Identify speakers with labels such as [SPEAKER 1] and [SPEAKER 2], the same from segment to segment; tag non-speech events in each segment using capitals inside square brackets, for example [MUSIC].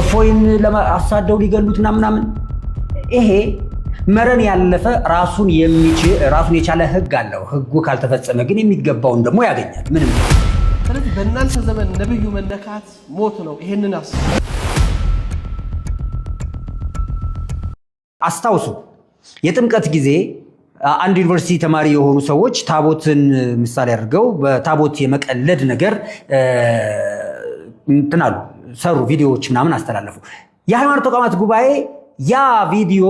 [SPEAKER 1] እፎይን አሳደው ሊገሉት ምናምናምን ይሄ መረን ያለፈ ራሱን ራሱን የቻለ ህግ አለው። ህጉ ካልተፈጸመ ግን የሚገባውን ደግሞ ያገኛል። ምንም
[SPEAKER 2] ስለዚህ በእናንተ ዘመን ነብዩ መነካት ሞት ነው። ይሄንን አስ
[SPEAKER 1] አስታውሱ። የጥምቀት ጊዜ አንድ ዩኒቨርሲቲ ተማሪ የሆኑ ሰዎች ታቦትን ምሳሌ አድርገው በታቦት የመቀለድ ነገር እንትናሉ ሰሩ፣ ቪዲዮዎች ምናምን አስተላለፉ። የሃይማኖት ተቋማት ጉባኤ ያ ቪዲዮ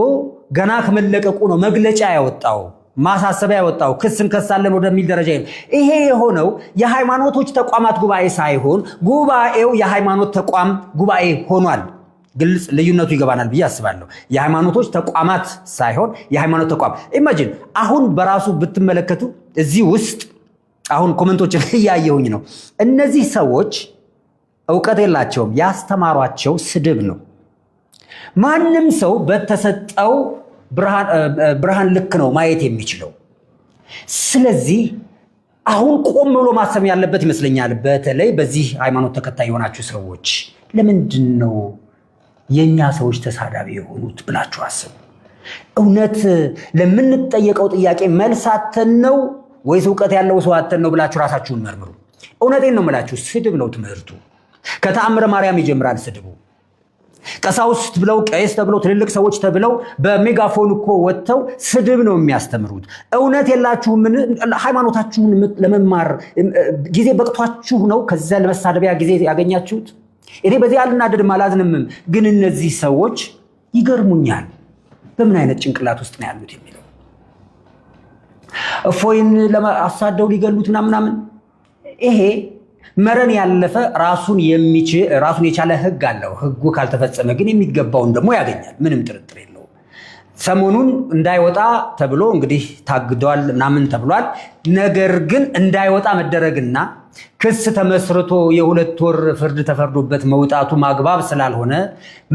[SPEAKER 1] ገና ከመለቀቁ ነው መግለጫ ያወጣው ማሳሰቢያ ያወጣው ክስ እንከሳለን ወደሚል ደረጃ ይሄ ይሄ የሆነው የሃይማኖቶች ተቋማት ጉባኤ ሳይሆን ጉባኤው የሃይማኖት ተቋም ጉባኤ ሆኗል። ግልጽ ልዩነቱ ይገባናል ብዬ አስባለሁ። የሃይማኖቶች ተቋማት ሳይሆን የሃይማኖት ተቋም ኢማጂን። አሁን በራሱ ብትመለከቱ እዚህ ውስጥ አሁን ኮመንቶችን [LAUGHS] እያየሁኝ ነው እነዚህ ሰዎች እውቀት የላቸውም። ያስተማሯቸው ስድብ ነው። ማንም ሰው በተሰጠው ብርሃን ልክ ነው ማየት የሚችለው። ስለዚህ አሁን ቆም ብሎ ማሰብ ያለበት ይመስለኛል። በተለይ በዚህ ሃይማኖት ተከታይ የሆናችሁ ሰዎች ለምንድን ነው የእኛ ሰዎች ተሳዳቢ የሆኑት ብላችሁ አስቡ። እውነት ለምንጠየቀው ጥያቄ መልስ አተን ነው ወይስ እውቀት ያለው ሰው አተን ነው ብላችሁ ራሳችሁን መርምሩ። እውነቴን ነው የምላችሁ፣ ስድብ ነው ትምህርቱ። ከተአምረ ማርያም ይጀምራል ስድቡ። ቀሳውስት ብለው ቀይስ ተብለው ትልልቅ ሰዎች ተብለው በሜጋፎን እኮ ወጥተው ስድብ ነው የሚያስተምሩት። እውነት የላችሁም? ሃይማኖታችሁን ለመማር ጊዜ በቅቷችሁ ነው ከዚያ ለመሳደቢያ ጊዜ ያገኛችሁት? እኔ በዚህ አልናደድም፣ አላዝንምም። ግን እነዚህ ሰዎች ይገርሙኛል። በምን አይነት ጭንቅላት ውስጥ ነው ያሉት የሚለው እፎይን አሳደው ሊገሉት ምናምናምን ይሄ መረን ያለፈ ራሱን የሚችል ራሱን የቻለ ህግ አለው። ህጉ ካልተፈጸመ ግን የሚገባውን ደግሞ ያገኛል። ምንም ጥርጥር የለውም። ሰሞኑን እንዳይወጣ ተብሎ እንግዲህ ታግዷል ምናምን ተብሏል። ነገር ግን እንዳይወጣ መደረግና ክስ ተመስርቶ የሁለት ወር ፍርድ ተፈርዶበት መውጣቱ ማግባብ ስላልሆነ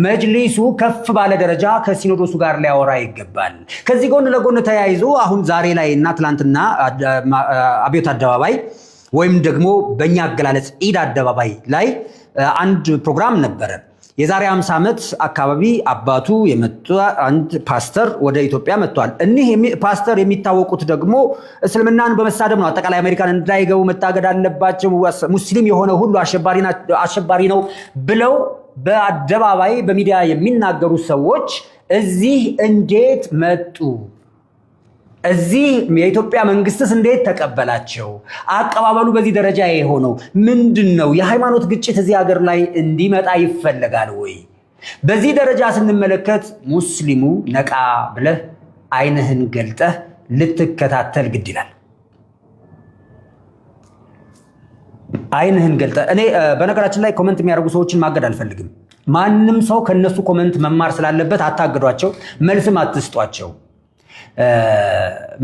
[SPEAKER 1] መጅሊሱ ከፍ ባለ ደረጃ ከሲኖዶሱ ጋር ሊያወራ ይገባል። ከዚህ ጎን ለጎን ተያይዞ አሁን ዛሬ ላይ እና ትናንትና አብዮት አደባባይ ወይም ደግሞ በእኛ አገላለጽ ኢድ አደባባይ ላይ አንድ ፕሮግራም ነበረ። የዛሬ 50 ዓመት አካባቢ አባቱ የመጡ አንድ ፓስተር ወደ ኢትዮጵያ መጥቷል። እኒህ ፓስተር የሚታወቁት ደግሞ እስልምናን በመሳደብ ነው። አጠቃላይ አሜሪካን እንዳይገቡ መታገድ አለባቸው፣ ሙስሊም የሆነ ሁሉ አሸባሪ ነው ብለው በአደባባይ በሚዲያ የሚናገሩ ሰዎች እዚህ እንዴት መጡ? እዚህ የኢትዮጵያ መንግስትስ እንዴት ተቀበላቸው? አቀባበሉ በዚህ ደረጃ የሆነው ምንድን ነው? የሃይማኖት ግጭት እዚህ ሀገር ላይ እንዲመጣ ይፈለጋል ወይ? በዚህ ደረጃ ስንመለከት ሙስሊሙ ነቃ ብለህ አይንህን ገልጠህ ልትከታተል ግድ ይላል። አይንህን ገልጠህ እኔ በነገራችን ላይ ኮመንት የሚያደርጉ ሰዎችን ማገድ አልፈልግም። ማንም ሰው ከነሱ ኮመንት መማር ስላለበት አታግዷቸው፣ መልስም አትስጧቸው።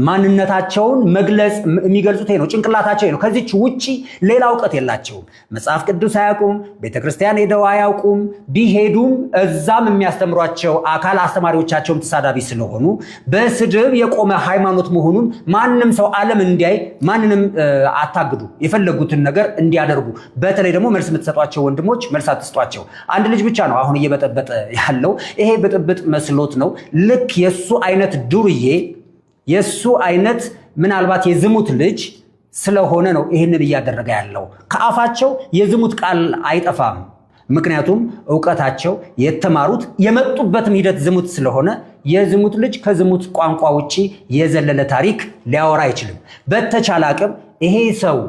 [SPEAKER 1] ማንነታቸውን መግለጽ የሚገልጹት ነው፣ ጭንቅላታቸው ነው። ከዚች ውጪ ሌላ እውቀት የላቸውም። መጽሐፍ ቅዱስ አያውቁም። ቤተክርስቲያን ሄደው አያውቁም። ቢሄዱም እዛም የሚያስተምሯቸው አካል አስተማሪዎቻቸውም ተሳዳቢ ስለሆኑ በስድብ የቆመ ሃይማኖት መሆኑን ማንም ሰው ዓለም እንዲያይ ማንንም አታግዱ፣ የፈለጉትን ነገር እንዲያደርጉ። በተለይ ደግሞ መልስ የምትሰጧቸው ወንድሞች መልስ አትስጧቸው። አንድ ልጅ ብቻ ነው አሁን እየበጠበጠ ያለው። ይሄ ብጥብጥ መስሎት ነው። ልክ የእሱ አይነት ዱርዬ ሰውዬ የእሱ አይነት ምናልባት የዝሙት ልጅ ስለሆነ ነው ይህንን እያደረገ ያለው። ከአፋቸው የዝሙት ቃል አይጠፋም። ምክንያቱም እውቀታቸው የተማሩት የመጡበትም ሂደት ዝሙት ስለሆነ የዝሙት ልጅ ከዝሙት ቋንቋ ውጭ የዘለለ ታሪክ ሊያወራ አይችልም። በተቻለ አቅም ይሄ ሰው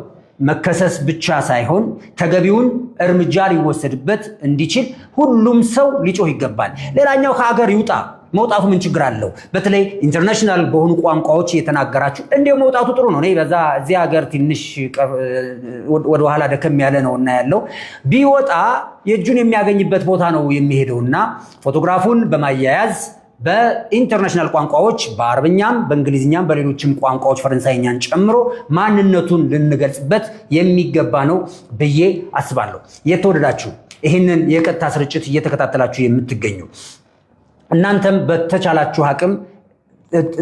[SPEAKER 1] መከሰስ ብቻ ሳይሆን ተገቢውን እርምጃ ሊወሰድበት እንዲችል ሁሉም ሰው ሊጮህ ይገባል። ሌላኛው ከሀገር ይውጣ። መውጣቱ ምን ችግር አለው? በተለይ ኢንተርናሽናል በሆኑ ቋንቋዎች እየተናገራችሁ እንዲሁ መውጣቱ ጥሩ ነው። በዛ እዚህ ሀገር ትንሽ ወደ ኋላ ደከም ያለ ነው እና ያለው ቢወጣ የእጁን የሚያገኝበት ቦታ ነው የሚሄደው እና ፎቶግራፉን በማያያዝ በኢንተርናሽናል ቋንቋዎች በአረብኛም በእንግሊዝኛም በሌሎችም ቋንቋዎች ፈረንሳይኛን ጨምሮ ማንነቱን ልንገልጽበት የሚገባ ነው ብዬ አስባለሁ። የተወደዳችሁ ይህንን የቀጥታ ስርጭት እየተከታተላችሁ የምትገኙ እናንተም በተቻላችሁ አቅም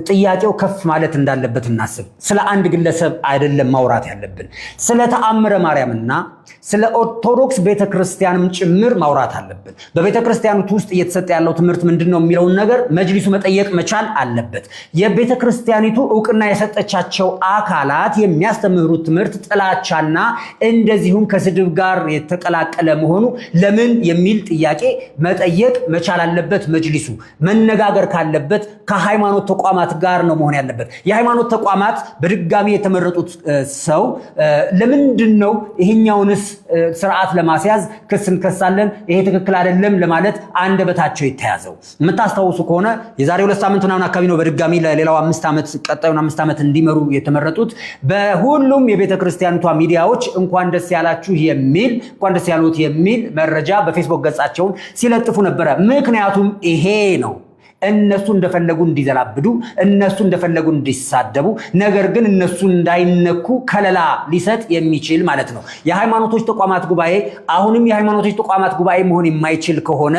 [SPEAKER 1] ጥያቄው ከፍ ማለት እንዳለበት እናስብ። ስለ አንድ ግለሰብ አይደለም ማውራት ያለብን፣ ስለ ተአምረ ማርያምና ስለ ኦርቶዶክስ ቤተክርስቲያንም ጭምር ማውራት አለብን። በቤተ ውስጥ እየተሰጠ ያለው ትምህርት ምንድን ነው የሚለውን ነገር መጅሊሱ መጠየቅ መቻል አለበት። የቤተክርስቲያኒቱ እውቅና የሰጠቻቸው አካላት የሚያስተምህሩት ትምህርት ጥላቻና እንደዚሁም ከስድብ ጋር የተቀላቀለ መሆኑ ለምን የሚል ጥያቄ መጠየቅ መቻል አለበት። መጅሊሱ መነጋገር ካለበት ከሃይማኖት ተቋማት ጋር ነው መሆን ያለበት። የሃይማኖት ተቋማት በድጋሚ የተመረጡት ሰው ለምንድን ነው ይሄኛውንስ ስርዓት ለማስያዝ ክስ እንከሳለን፣ ይሄ ትክክል አይደለም ለማለት አንደበታቸው የተያዘው? የምታስታውሱ ከሆነ የዛሬ ሁለት ሳምንት ምናምን አካባቢ ነው በድጋሚ ለሌላው አምስት ዓመት ቀጣዩን አምስት ዓመት እንዲመሩ የተመረጡት። በሁሉም የቤተ ክርስቲያኒቷ ሚዲያዎች እንኳን ደስ ያላችሁ የሚል እንኳን ደስ ያሉት የሚል መረጃ በፌስቡክ ገጻቸውን ሲለጥፉ ነበረ። ምክንያቱም ይሄ ነው እነሱ እንደፈለጉ እንዲዘላብዱ፣ እነሱ እንደፈለጉ እንዲሳደቡ፣ ነገር ግን እነሱ እንዳይነኩ ከለላ ሊሰጥ የሚችል ማለት ነው። የሃይማኖቶች ተቋማት ጉባኤ አሁንም የሃይማኖቶች ተቋማት ጉባኤ መሆን የማይችል ከሆነ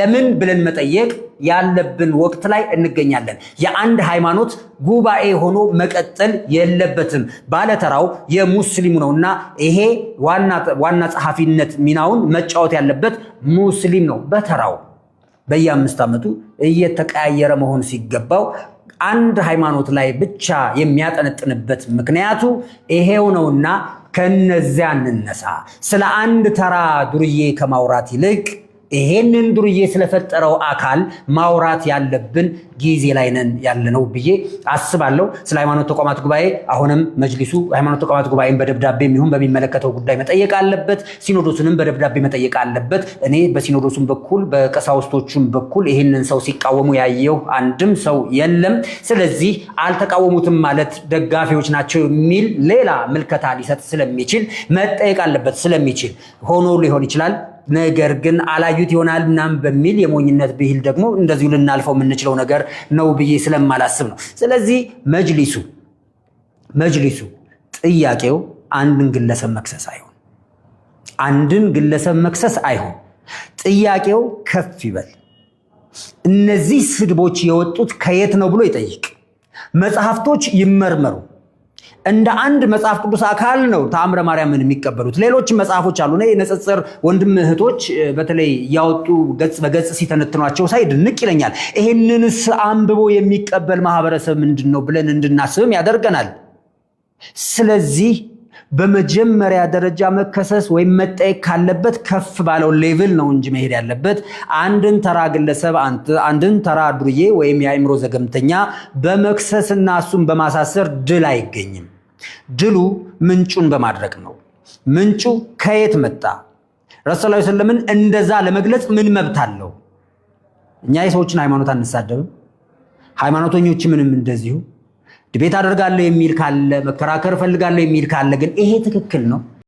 [SPEAKER 1] ለምን ብለን መጠየቅ ያለብን ወቅት ላይ እንገኛለን። የአንድ ሃይማኖት ጉባኤ ሆኖ መቀጠል የለበትም። ባለተራው የሙስሊሙ ነውና ይሄ ዋና ጸሐፊነት ሚናውን መጫወት ያለበት ሙስሊም ነው በተራው በየአምስት ዓመቱ እየተቀያየረ መሆን ሲገባው አንድ ሃይማኖት ላይ ብቻ የሚያጠነጥንበት ምክንያቱ ይሄው ነውና ከነዚያ እንነሳ። ስለ አንድ ተራ ዱርዬ ከማውራት ይልቅ ይሄንን ዱርዬ ስለፈጠረው አካል ማውራት ያለብን ጊዜ ላይ ነን ያለነው ብዬ አስባለሁ። ስለ ሃይማኖት ተቋማት ጉባኤ አሁንም መጅሊሱ ሃይማኖት ተቋማት ጉባኤን በደብዳቤ የሚሆን በሚመለከተው ጉዳይ መጠየቅ አለበት። ሲኖዶሱንም በደብዳቤ መጠየቅ አለበት። እኔ በሲኖዶሱም በኩል በቀሳውስቶቹም በኩል ይህንን ሰው ሲቃወሙ ያየው አንድም ሰው የለም። ስለዚህ አልተቃወሙትም ማለት ደጋፊዎች ናቸው የሚል ሌላ ምልከታ ሊሰጥ ስለሚችል መጠየቅ አለበት ስለሚችል ሆኖ ሊሆን ይችላል ነገር ግን አላዩት ይሆናል ምናምን በሚል የሞኝነት ብሂል ደግሞ እንደዚሁ ልናልፈው የምንችለው ነገር ነው ብዬ ስለማላስብ ነው። ስለዚህ መጅሊሱ መጅሊሱ ጥያቄው አንድን ግለሰብ መክሰስ አይሆን፣ አንድን ግለሰብ መክሰስ አይሆን። ጥያቄው ከፍ ይበል። እነዚህ ስድቦች የወጡት ከየት ነው ብሎ ይጠይቅ። መጽሐፍቶች ይመርመሩ። እንደ አንድ መጽሐፍ ቅዱስ አካል ነው ተአምረ ማርያምን የሚቀበሉት። ሌሎችም መጽሐፎች አሉ። የነጽጽር ወንድም እህቶች በተለይ እያወጡ ገጽ በገጽ ሲተነትኗቸው ሳይ ድንቅ ይለኛል። ይህንንስ አንብቦ የሚቀበል ማህበረሰብ ምንድን ነው ብለን እንድናስብም ያደርገናል። ስለዚህ በመጀመሪያ ደረጃ መከሰስ ወይም መጠየቅ ካለበት ከፍ ባለው ሌቭል ነው እንጂ መሄድ ያለበት አንድን ተራ ግለሰብ፣ አንድን ተራ ዱርዬ ወይም የአእምሮ ዘገምተኛ እና እሱን በማሳሰር ድል አይገኝም። ድሉ ምንጩን በማድረግ ነው። ምንጩ ከየት መጣ? ረሱል ላ ስለምን እንደዛ ለመግለጽ ምን መብት አለው? እኛ የሰዎችን ሃይማኖት አንሳደብም። ሃይማኖተኞች ምንም እንደዚሁ ድቤት አደርጋለሁ የሚል ካለ መከራከር እፈልጋለሁ የሚል ካለ ግን ይሄ ትክክል ነው